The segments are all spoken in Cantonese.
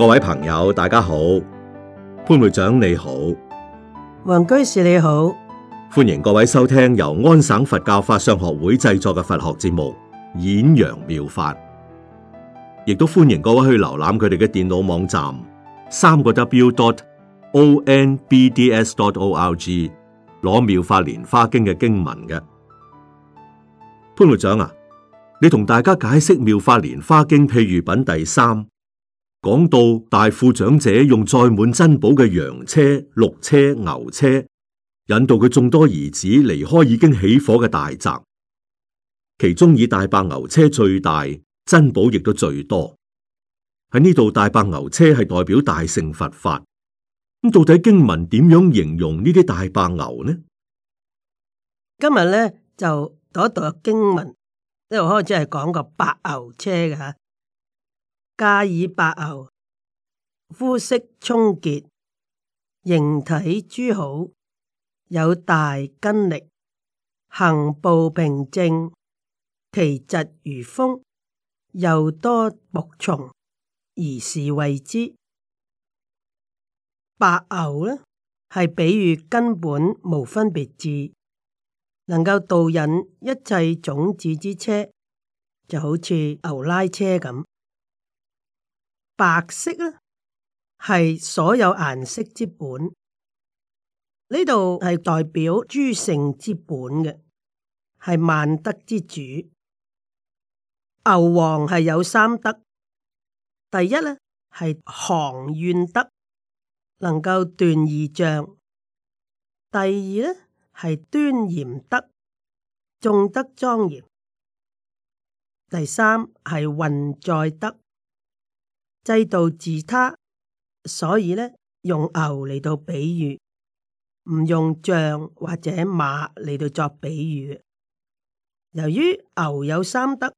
各位朋友，大家好，潘會長你好，王居士你好，歡迎各位收聽由安省佛教法相學會製作嘅佛學節目《演揚妙法》，亦都歡迎各位去瀏覽佢哋嘅電腦網站三個 W dot O N B D S dot O L G 攞妙法蓮花經嘅經文嘅。潘會長啊，你同大家解釋妙法蓮花經譬喻品第三。講到大富長者用載滿珍寶嘅羊車、鹿車、牛車，引導佢眾多兒子離開已經起火嘅大宅，其中以大白牛車最大，珍寶亦都最多。喺呢度，大白牛車係代表大乘佛法。咁到底經文點樣形容呢啲大白牛呢？今日呢，就讀一讀經文，因為開始係講個白牛車嘅吓。駕以白牛，膚色充潔，形體諸好，有大筋力，行步平正，其疾如風，又多僕從，而侍衛之。白牛呢，係比喻根本無分別智，能夠導引一切種子之車，就好似牛拉車咁。白色咧係所有顏色之本，呢度係代表諸聖之本嘅，係萬德之主。牛王係有三德，第一咧係行怨德，能夠斷二障；第二咧係端嚴德，眾德莊嚴；第三係運載德。制度自他，所以咧用牛嚟到比喻，唔用象或者馬嚟到作比喻。由於牛有三德，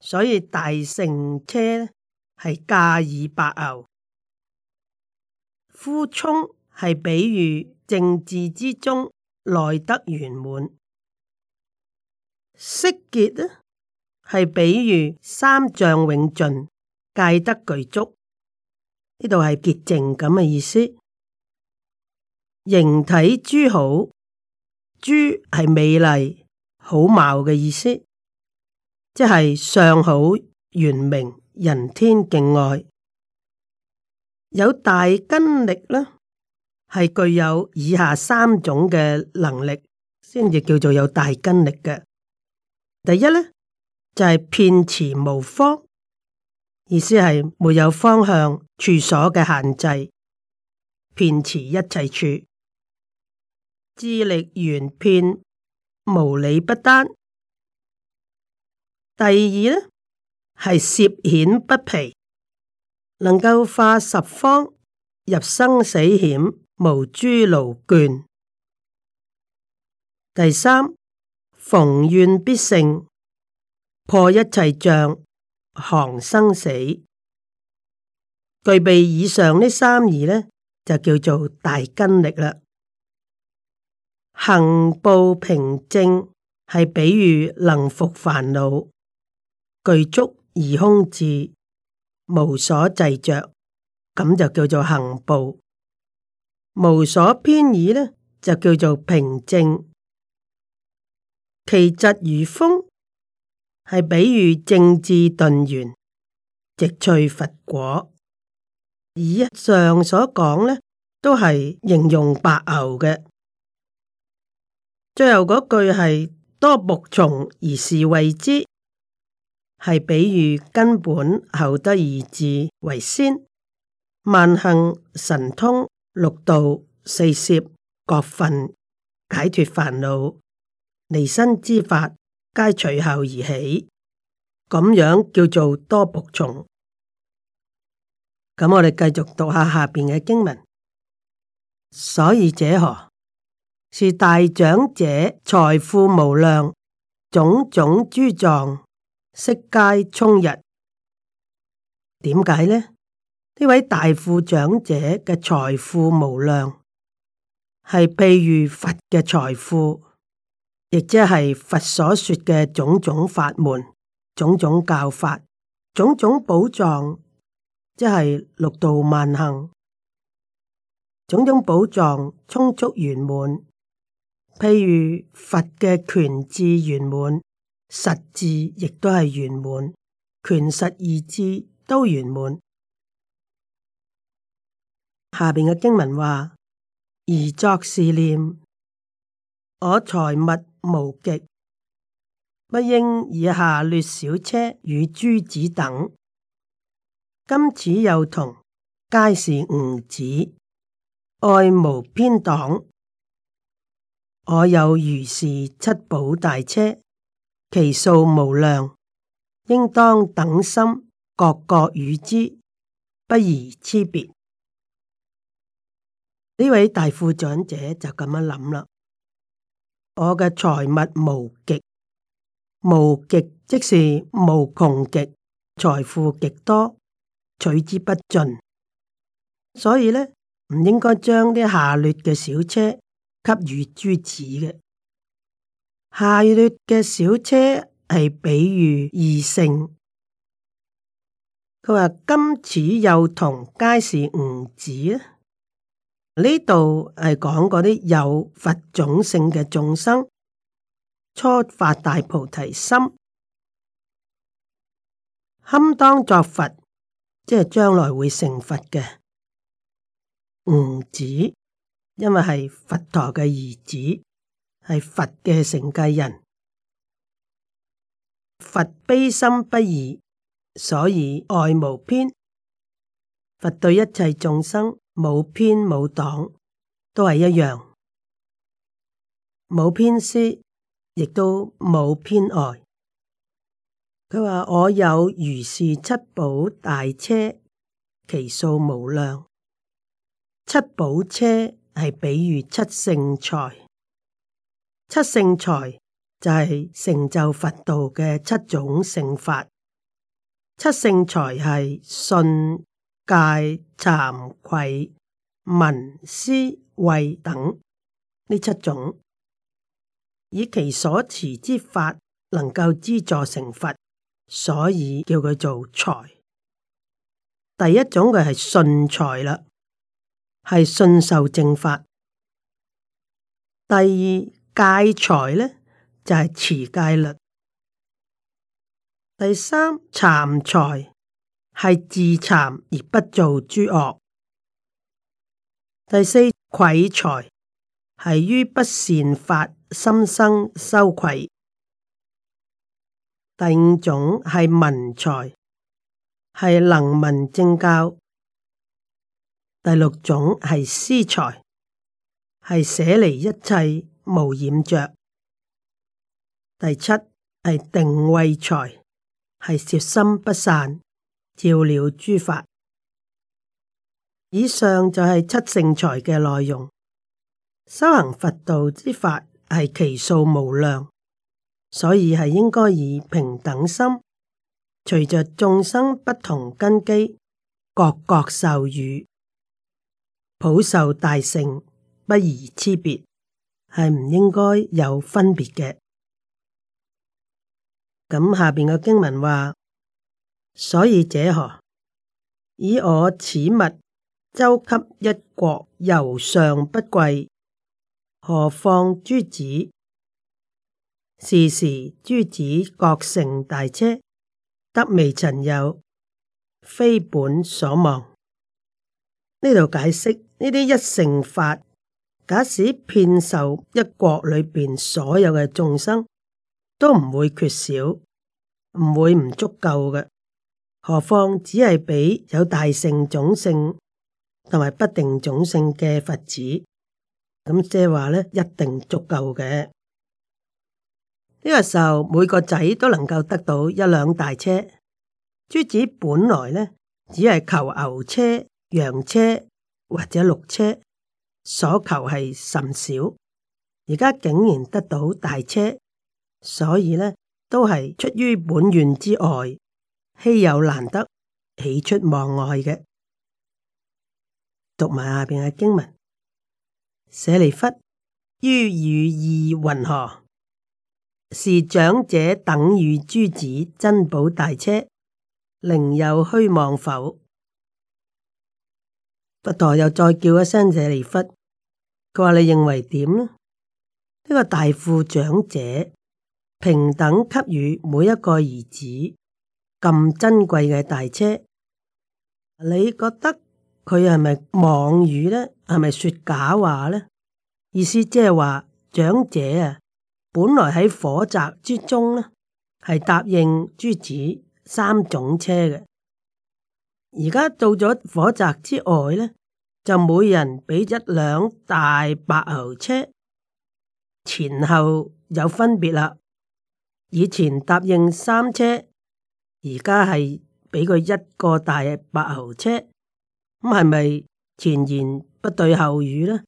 所以大乘車係駕以白牛。膚充係比喻正智之中內德圓滿，色潔呢係比喻三障永盡。戒德具足，呢度係潔淨咁嘅意思。形體諸好，諸係美麗好貌嘅意思，即係相好圓明，人天敬愛。有大根力呢，係具有以下三種嘅能力，先至叫做有大根力嘅。第一呢，就係片辭無方。意思係沒有方向、處所嘅限制，遍持一切處，智力圓遍，無理不單。第二呢係涉險不疲，能夠化十方入生死險，無諸勞倦。第三，逢怨必勝，破一切障。行生死具備以上呢三義呢，就叫做大筋力啦。行步平正，係比喻能伏煩惱，具足二空智，無所滯著，咁就叫做行步。無所偏倚呢，就叫做平正。其疾如風。係比喻正智頓圓，直趣佛果。以上所講呢，都係形容白牛嘅。最後嗰句係多僕從，而侍衛之，係比喻根本厚德而治為先。萬行神通、六道四攝，各分解脱煩惱離身之法。皆隨後而起，咁樣叫做多僕從。咁我哋繼續讀下下邊嘅經文。所以者何？是大長者財富無量，種種諸藏悉皆充溢。點解呢？呢位大富長者嘅財富無量，係譬如佛嘅財富。亦即係佛所說嘅種種法門、種種教法、種種寶藏，即係六度萬行。種種寶藏充足圓滿，譬如佛嘅權智圓滿，實智亦都係圓滿，權實二智都圓滿。下邊嘅經文話：而作是念，我財物。無極，不應以下劣小車與諸子等，今此幼童，皆是吾子，愛無偏黨。我有如是七寶大車，其數無量，應當等心，各各與之，不宜差別。呢位大富長者就咁樣諗啦。我嘅財物無極，無極即是無窮極，財富極多，取之不盡。所以咧，唔應該將啲下劣嘅小車給予諸子嘅。下劣嘅小車係比喻二乘。佢話今此幼童皆是吾子啊。呢度係講嗰啲有佛種性嘅眾生，初發大菩提心，堪當作佛，即係將來會成佛嘅兒子，因為係佛陀嘅兒子，係佛嘅承繼人。佛悲心不已，所以愛無邊，佛對一切眾生。冇偏冇黨都係一樣，冇偏私亦都冇偏愛。佢話我有如是七寶大車，其數無量。七寶車係比喻七聖財，七聖財就係成就佛道嘅七種聖法。七聖財係信。戒、慚愧、聞思慧等呢七種，以其所持之法能夠資助成佛，所以叫佢做財。第一種嘅係信財啦，係信受正法。第二戒財咧就係、是、持戒律。第三慚財。係自慚而不做諸惡。第四愧財係於不善法心生羞愧。第五種係文財，係能文正教。第六種係施財，係捨離一切無染着。第七係定慧財，係攝心不散。照了諸法，以上就係七聖財嘅內容。修行佛道之法係其數無量，所以係應該以平等心，隨着眾生不同根基，各各授與，普受大聖，不宜差別，係唔應該有分別嘅。咁下邊嘅經文話。所以者何？以我此物周給一國，猶尚不貴，何況諸子？是時諸子各乘大車，得未曾有，非本所望。呢度解釋呢啲一乘法，假使遍受一國裏邊所有嘅眾生，都唔會缺少，唔會唔足夠嘅。何況只係俾有大聖種姓同埋不定種姓嘅佛子，咁即係話咧，一定足夠嘅。呢、這個時候每個仔都能夠得到一輛大車。諸子本來咧只係求牛車、羊車或者鹿車，所求係甚少，而家竟然得到大車，所以咧都係出於本願之外。稀有難得，喜出望外嘅。讀埋下邊嘅經文：舍利弗於汝意云何？是長者等與諸子珍寶大車，寧有虛妄否？佛陀又再叫一聲舍利弗，佢話你認為點呢？呢、這個大富長者平等給予每一個兒子。咁珍貴嘅大車，你覺得佢係咪妄語呢？係咪説假話呢？意思即係話長者啊，本來喺火宅之中呢，係答應諸子三種車嘅，而家到咗火宅之外呢，就每人俾一輛大白牛車，前後有分別啦。以前答應三車。而家係畀佢一個大嘅白牛車，咁係咪前言不對後語呢？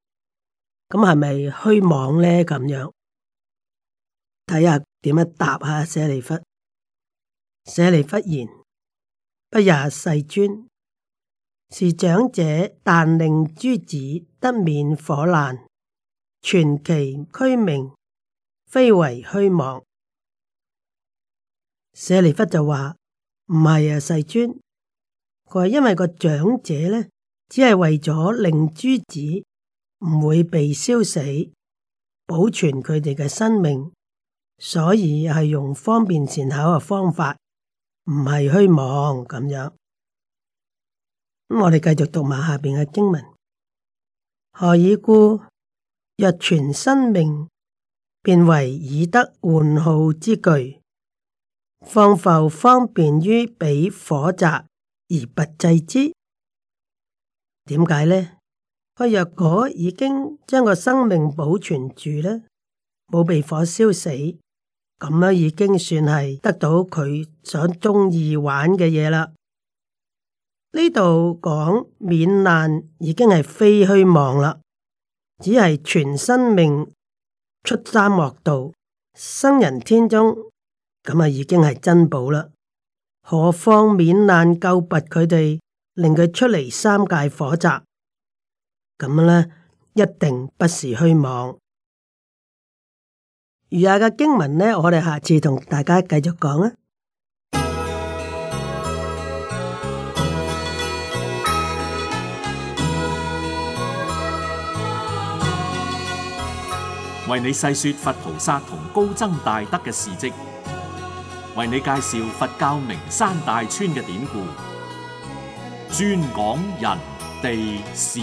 咁係咪虛妄呢？咁樣睇下點樣答下。舍利弗，舍利弗言：不也世尊，是長者，但令諸子得免火難，全其軀命，非為虛妄。舍利弗就話。唔係啊，世尊，佢話，因為個長者咧，只係為咗令諸子唔會被燒死，保存佢哋嘅生命，所以係用方便善巧嘅方法，唔係虛妄咁樣。咁我哋繼續讀埋下邊嘅經文，何以故？若存生命，便為已得玩好之具。放浮方便於俾火襲而不制之，點解呢？佢若果已經將個生命保存住呢，冇被火燒死，咁樣已經算係得到佢想鍾意玩嘅嘢啦。呢度講免難已經係非虛妄啦，只係全生命出山惡道，生人天中。咁啊，已經係珍寶啦，何況免難救拔佢哋，令佢出嚟三界火宅，咁呢，一定不是虛妄。餘下嘅經文呢，我哋下次同大家繼續講啊。為你細說佛菩薩同高僧大德嘅事跡。為你介紹佛教名山大川嘅典故，專講人地事。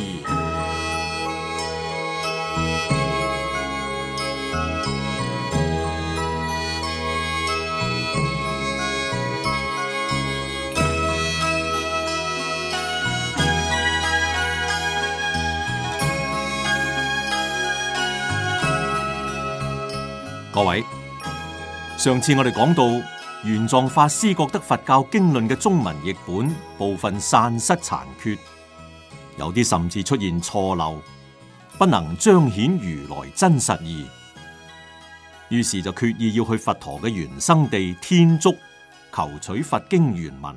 各位，上次我哋講到。玄奘法師覺得佛教經論嘅中文譯本部分散失殘缺，有啲甚至出現錯漏，不能彰顯如來真實義。於是就決意要去佛陀嘅原生地天竺，求取佛經原文，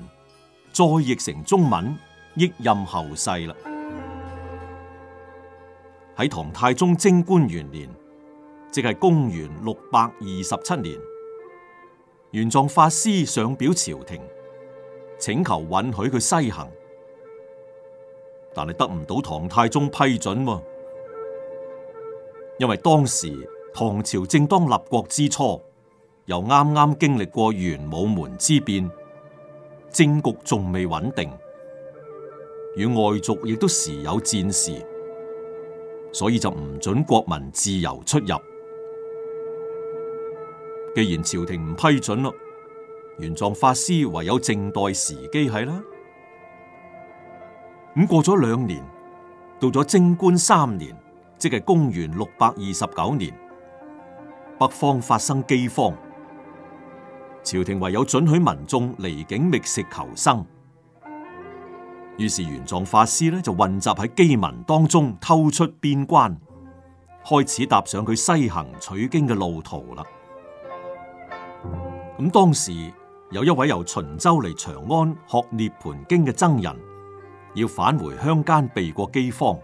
再譯成中文，益任後世啦。喺唐太宗貞觀元年，即係公元六百二十七年。玄奘法師上表朝廷，請求允許佢西行，但係得唔到唐太宗批准，因為當時唐朝正當立國之初，又啱啱經歷過玄武門之變，政局仲未穩定，與外族亦都時有戰事，所以就唔准國民自由出入。既然朝廷唔批准咯，玄奘法師唯有靜待時機係啦。咁過咗兩年，到咗貞觀三年，即係公元六百二十九年，北方發生饑荒，朝廷唯有准許民眾離境覓食求生。於是玄奘法師呢，就混雜喺饑民當中，偷出邊關，開始踏上佢西行取經嘅路途啦。咁當時有一位由秦州嚟長安學涅槃經嘅僧人，要返回鄉間避過饑荒，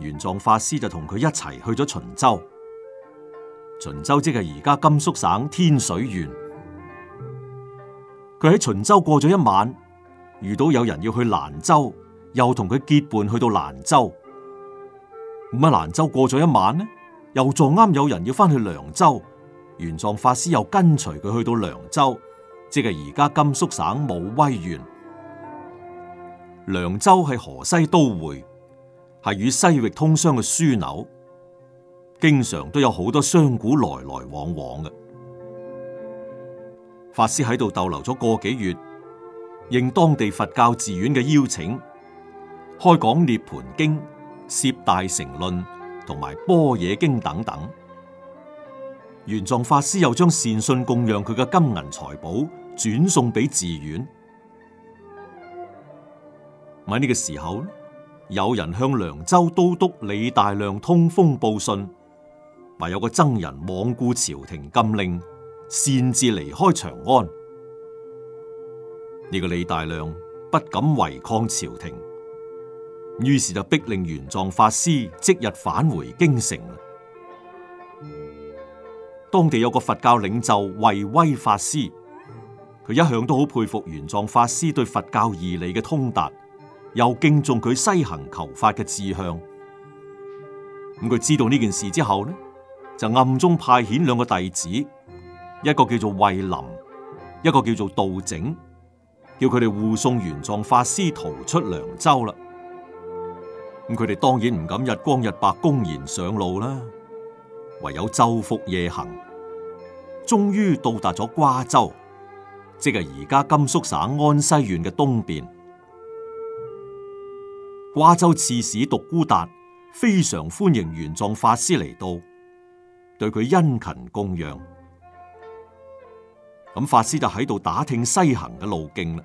玄奘法師就同佢一齊去咗秦州。秦州即係而家甘肅省天水縣。佢喺秦州過咗一晚，遇到有人要去蘭州，又同佢結伴去到蘭州。咁喺蘭州過咗一晚呢，又撞啱有人要翻去涼州。玄奘法師又跟隨佢去到涼州，即係而家甘肅省武威縣。涼州係河西都會，係與西域通商嘅樞紐，經常都有好多商賈來來往往嘅。法師喺度逗留咗個幾月，應當地佛教寺院嘅邀請，開講《涅槃經》、《攝大乘論》同埋《般若經》等等。玄奘法師又將善信供養佢嘅金銀財寶轉送俾寺院。喺呢個時候，有人向涼州都督李大亮通風報信，話有個僧人罔顧朝廷禁令，擅自離開長安。呢、這個李大亮不敢違抗朝廷，於是就逼令玄奘法師即日返回京城。當地有個佛教領袖慧威法師，佢一向都好佩服玄奘法師對佛教義理嘅通達，又敬重佢西行求法嘅志向。咁佢知道呢件事之後呢，就暗中派遣兩個弟子，一個叫做慧林，一個叫做道整，叫佢哋護送玄奘法師逃出涼州啦。咁佢哋當然唔敢日光日白公然上路啦。唯有晝伏夜行，終於到達咗瓜州，即係而家甘肅省安西縣嘅東邊。瓜州刺史獨孤達非常歡迎玄奘法師嚟到，對佢殷勤供養。咁法師就喺度打聽西行嘅路徑啦。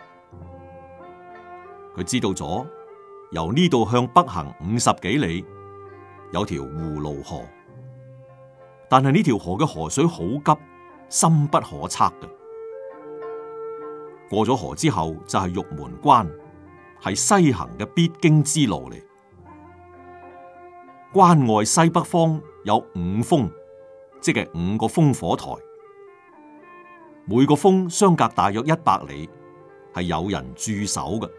佢知道咗由呢度向北行五十幾里，有條葫蘆河，但係呢條河嘅河水好急，深不可測嘅。過咗河之後就係、是、玉門關，係西行嘅必經之路嚟。關外西北方有五烽，即係五個烽火台，每個烽相隔大約一百里，係有人駐守嘅。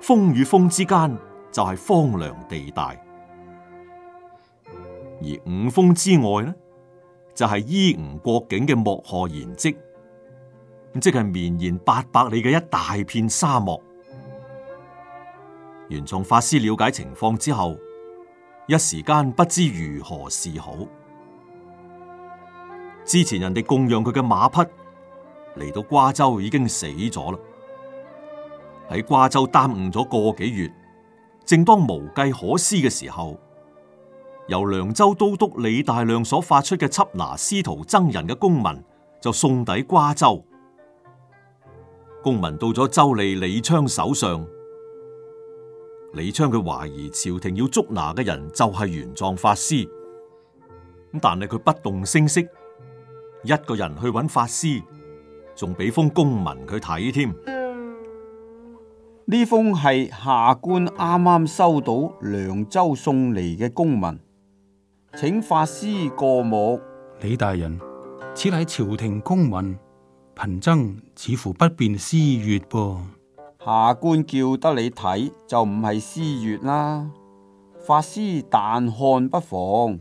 烽與烽之間就係、是、荒涼地帶。而五峰之外呢就係、是、伊吾國境嘅莫賀延磧，即係綿延八百里嘅一大片沙漠。玄奘法師了解情況之後，一時間不知如何是好。之前人哋供養佢嘅馬匹，嚟到瓜州已經死咗啦。喺瓜州耽誤咗個幾月，正當無計可施嘅時候。由涼州都督李大亮所發出嘅緝拿司徒僧人嘅公文，就送抵瓜州。公文到咗州吏李昌手上，李昌佢懷疑朝廷要捉拿嘅人就係玄奘法師，咁但係佢不動聲色，一個人去揾法師，仲俾封公文佢睇添。呢封係下官啱啱收到涼州送嚟嘅公文。請法師過目。李大人，此乃朝廷公文，貧僧似乎不便私閱噃。下官叫得你睇，就唔係私閱啦。法師但看不妨。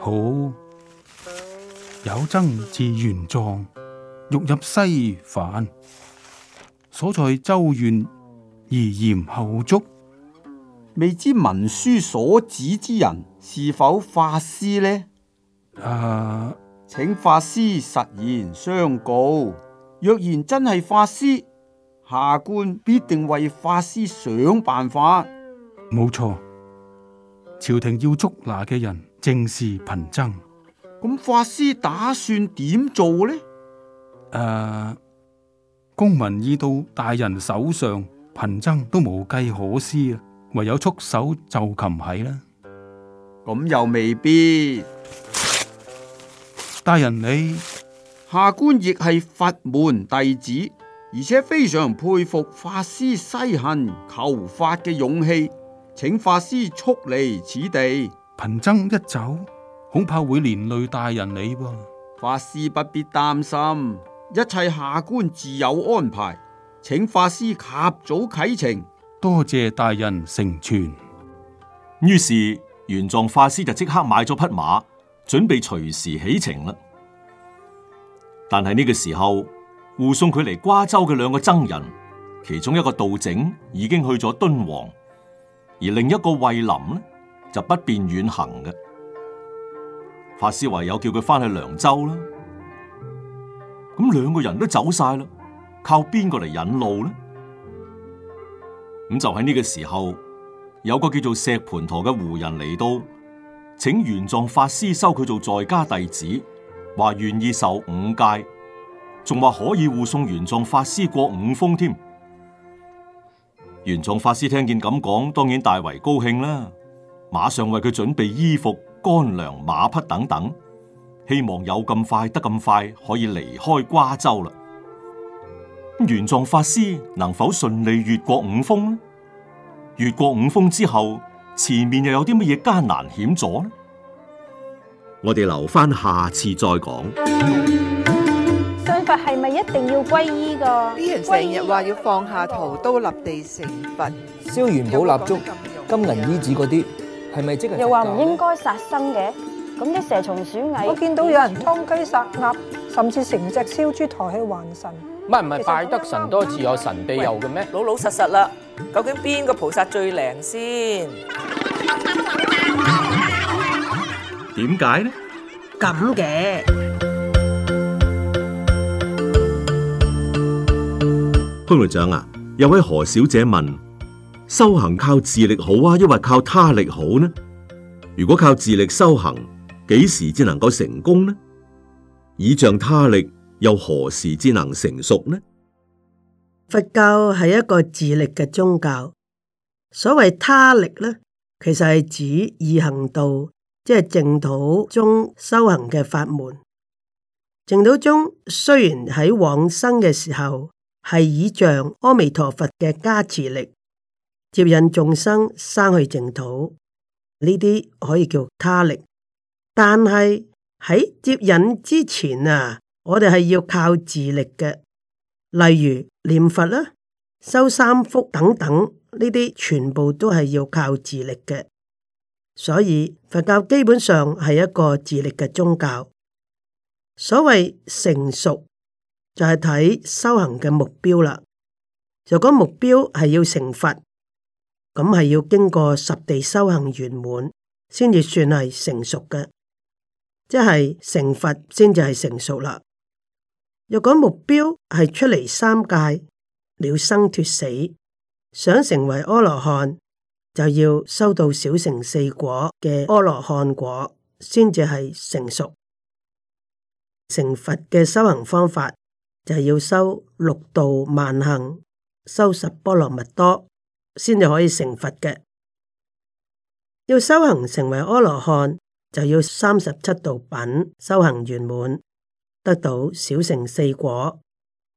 好，有僧字玄奘欲入西凡，所在州縣而嚴候捉。未知文書所指之人。是否法師呢？誒，uh, 請法師實言相告。若然真係法師，下官必定為法師想辦法。冇錯，朝廷要捉拿嘅人正是貧僧。咁法師打算點做呢？誒，uh, 公民文已到大人手上，貧僧都無計可施啊，唯有束手就擒係啦。咁又未必，大人你，下官亦係佛門弟子，而且非常佩服法師西行求法嘅勇氣，請法師速離此地。貧僧一走，恐怕會連累大人你噃。法師不必擔心，一切下官自有安排，請法師及早啟程。多謝大人成全。於是。玄奘法師就即刻買咗匹馬，準備隨時起程啦。但係呢個時候護送佢嚟瓜州嘅兩個僧人，其中一個道整已經去咗敦煌，而另一個慧林呢就不便遠行嘅。法師唯有叫佢翻去涼州啦。咁兩個人都走晒啦，靠邊個嚟引路呢？咁就喺呢個時候。有個叫做石盤陀嘅胡人嚟到，請玄奘法師收佢做在家弟子，話願意受五戒，仲話可以護送玄奘法師過五峰添。玄奘法師聽見咁講，當然大為高興啦，馬上為佢準備衣服、乾糧、馬匹等等，希望有咁快得咁快可以離開瓜州啦。玄奘法師能否順利越過五峰呢？越過五峰之後，前面又有啲乜嘢艱難險阻呢？我哋留翻下，下次再講。信佛係咪一定要皈依噶？啲人成日話要放下屠刀，立地成佛，燒元寶蠟燭、金銀衣紙嗰啲，係咪、嗯、即係？又話唔應該殺生嘅，咁啲蛇蟲鼠蟻，我見到有人劏雞殺鴨，甚至成隻燒豬抬去還神。唔係唔係，拜得神多自有神庇佑嘅咩？老老實實啦，究竟邊個菩薩最靈先？點解呢？咁嘅潘隊長啊，有位何小姐問：修行靠自力好啊，抑或靠他力好呢？如果靠自力修行，幾時至能夠成功呢？倚仗他力？又何時至能成熟呢？佛教係一個自力嘅宗教，所謂他力咧，其實係指易行道，即係淨土宗修行嘅法門。淨土宗雖然喺往生嘅時候係倚仗阿彌陀佛嘅加持力，接引眾生生去淨土，呢啲可以叫他力，但係喺接引之前啊。我哋係要靠自力嘅，例如念佛啦、修三福等等，呢啲全部都係要靠自力嘅。所以佛教基本上係一個自力嘅宗教。所謂成熟，就係、是、睇修行嘅目標啦。就講目標係要成佛，咁係要經過十地修行圓滿，先至算係成熟嘅，即係成佛先至係成熟啦。若果目標係出嚟三界了生脱死，想成為阿羅漢，就要修到小乘四果嘅阿羅漢果先至係成熟。成佛嘅修行方法就要修六度萬行，修十波羅蜜多先至可以成佛嘅。要修行成為阿羅漢，就要三十七道品修行圓滿。得到小乘四果，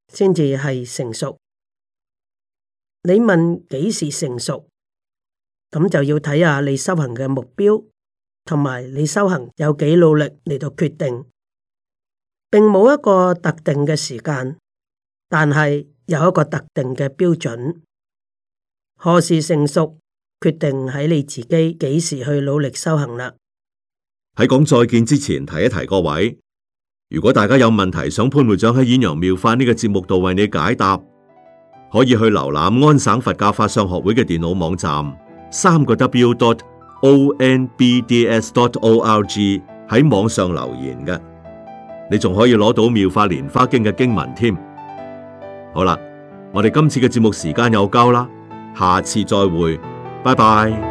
先至係成熟。你問幾時成熟？咁就要睇下你修行嘅目標，同埋你修行有幾努力嚟到決定，並冇一個特定嘅時間，但係有一個特定嘅標準。何時成熟，決定喺你自己幾時去努力修行啦。喺講再見之前，提一提各位。如果大家有問題想潘會長喺《演揚妙法》呢、這個節目度為你解答，可以去瀏覽安省佛教法相學會嘅電腦網站，三個 W dot O N B D S dot O R G 喺網上留言嘅，你仲可以攞到妙法蓮花經嘅經文添。好啦，我哋今次嘅節目時間又夠啦，下次再會，拜拜。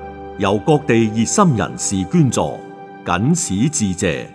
由各地熱心人士捐助，謹此致謝。